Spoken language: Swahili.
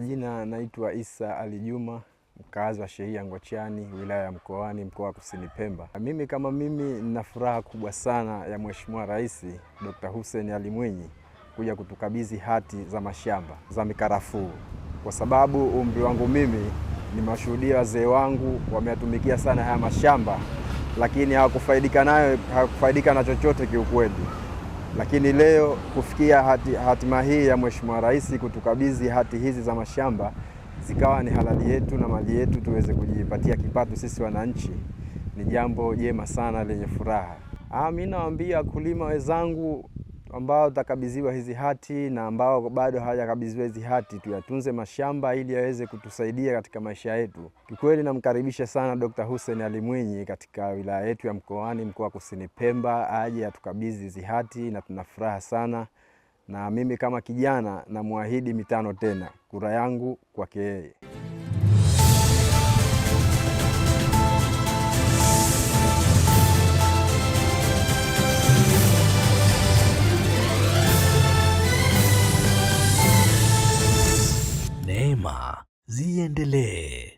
majina naitwa Isa Ali Juma, mkazi wa shehia Ngochani, wilaya ya Mkoani, mkoa wa Kusini Pemba. Mimi kama mimi nina furaha kubwa sana ya Mheshimiwa Rais Dr. Hussein Ali Mwinyi kuja kutukabidhi hati za mashamba za mikarafuu, kwa sababu umri wangu mimi nimewashuhudia wazee wangu wameyatumikia sana haya mashamba, lakini hawakufaidika nayo, hawakufaidika na chochote kiukweli. Lakini leo kufikia hati, hatima hii ya Mheshimiwa Rais kutukabidhi hati hizi za mashamba zikawa ni halali yetu na mali yetu, tuweze kujipatia kipato sisi wananchi, ni jambo jema sana lenye furaha. Ah, mimi nawaambia wakulima wenzangu ambao watakabidhiwa hizi hati na ambao bado hawajakabidhiwa hizi hati, tuyatunze mashamba ili yaweze kutusaidia katika maisha yetu. Kikweli namkaribisha sana Dr. Hussein Ali Mwinyi katika wilaya yetu ya Mkoani, mkoa wa Kusini Pemba, aje atukabidhi hizi hati na tuna furaha sana, na mimi kama kijana namwahidi mitano tena, kura yangu kwake yeye. njema ziendelee.